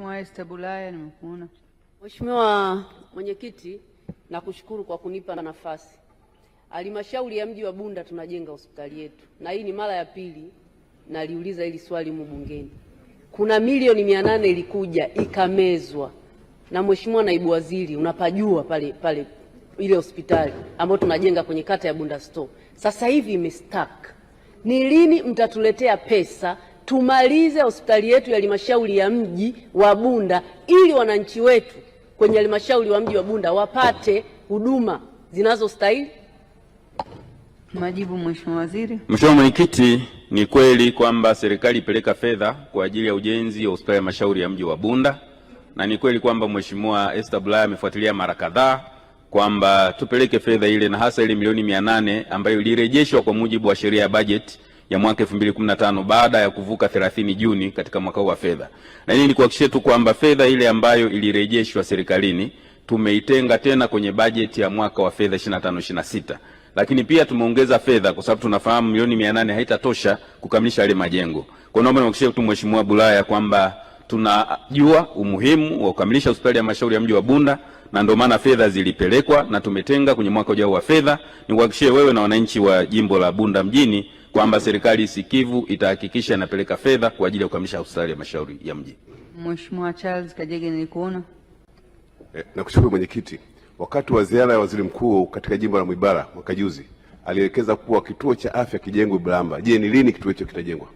Mheshimiwa Esther Bulaya, nimekuona. Mheshimiwa Mwenyekiti, nakushukuru kwa kunipa nafasi. Halmashauri ya mji wa Bunda tunajenga hospitali yetu, na hii ni mara ya pili naliuliza hili swali humu bungeni. Kuna milioni mia nane ilikuja ikamezwa na Mheshimiwa Naibu Waziri, unapajua pale pale ile hospitali ambayo tunajenga kwenye kata ya Bunda Store, sasa hivi imestuck. Ni lini mtatuletea pesa tumalize hospitali yetu ya halmashauri ya mji wa Bunda ili wananchi wetu kwenye halmashauri wa mji wa Bunda wapate huduma zinazostahili. Majibu, Mheshimiwa Waziri. Mheshimiwa Mwenyekiti, ni kweli kwamba serikali ipeleka fedha kwa ajili ya ujenzi wa hospitali ya halmashauri ya mji wa Bunda na ni kweli kwamba Mheshimiwa Esther Bulaya amefuatilia mara kadhaa kwamba tupeleke fedha ile na hasa ile milioni mia nane ambayo ilirejeshwa kwa mujibu wa sheria ya bajeti ya mwaka 2015 baada ya kuvuka 30 Juni katika mwaka huu wa fedha. Na hili kuhakikishia tu kwamba fedha ile ambayo ilirejeshwa serikalini tumeitenga tena kwenye bajeti ya mwaka wa fedha 25 26 lakini pia tumeongeza fedha kwa sababu tunafahamu milioni 800 haitatosha kukamilisha yale majengo. Kwa naomba niwahakikishie tu Mheshimiwa Bulaya kwamba tunajua umuhimu wa kukamilisha hospitali ya mashauri ya mji wa Bunda na ndio maana fedha zilipelekwa na tumetenga kwenye mwaka ujao wa fedha. Nikuhakikishie wewe na wananchi wa jimbo la Bunda mjini kwamba serikali sikivu itahakikisha inapeleka fedha kwa ajili ya kukamilisha hospitali ya mashauri ya mji. Mheshimiwa Charles Kajege, nilikuona. Eh, nakushukuru mwenyekiti. Wakati wa ziara ya waziri mkuu katika jimbo la Mwibara mwaka juzi alielekeza kuwa kituo cha afya kijengwe Bulamba. Je, ni lini kituo hicho kitajengwa?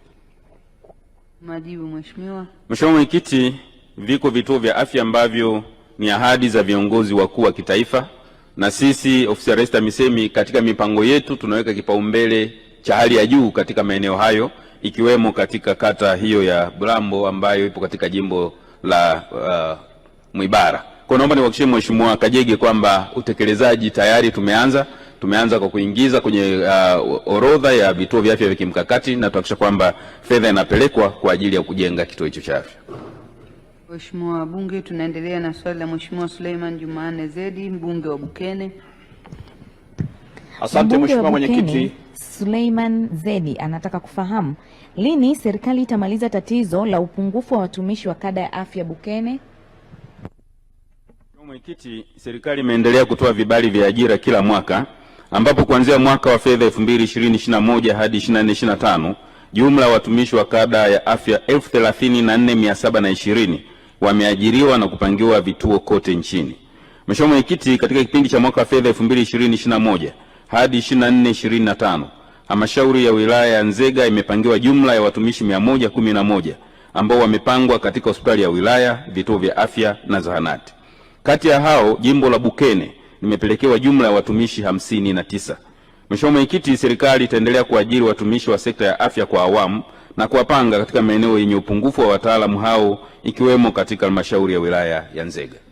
Majibu mheshimiwa. Mheshimiwa mwenyekiti, viko vituo vya afya ambavyo ni ahadi za viongozi wakuu wa kitaifa, na sisi ofisi ya Rais TAMISEMI katika mipango yetu tunaweka kipaumbele cha hali ya juu katika maeneo hayo ikiwemo katika kata hiyo ya brambo ambayo ipo katika jimbo la uh, Mwibara. Kwa naomba niwahakikishie Mheshimiwa Kajege kwamba utekelezaji tayari tumeanza. Tumeanza kwa kuingiza kwenye uh, orodha ya vituo vya afya vya kimkakati na tuhakikisha kwamba fedha inapelekwa kwa ajili ya kujenga kituo hicho cha afya. Mheshimiwa Bunge, tunaendelea na swali la Mheshimiwa Suleiman Jumanne Zedi, mbunge wa Bukene. Asante Mheshimiwa Mwenyekiti. Suleiman Zedi anataka kufahamu lini serikali itamaliza tatizo la upungufu wa watumishi wa kada ya afya Bukene. Mwenyekiti, serikali imeendelea kutoa vibali vya ajira kila mwaka ambapo kuanzia mwaka wa fedha 2020/21 hadi 2024 25 jumla watumishi wa kada ya afya 34720 wameajiriwa na kupangiwa vituo kote nchini. Mheshimiwa Mwenyekiti, katika kipindi cha mwaka wa fedha 2020/21 hadi 2425 halmashauri ya wilaya ya Nzega imepangiwa jumla ya watumishi 111 ambao wamepangwa katika hospitali ya wilaya, vituo vya afya na zahanati. Kati ya hao jimbo la Bukene limepelekewa jumla ya watumishi 59. Mheshimiwa Mwenyekiti, serikali itaendelea kuajiri watumishi wa sekta ya afya kwa awamu na kuwapanga katika maeneo yenye upungufu wa wataalamu hao ikiwemo katika halmashauri ya wilaya ya Nzega.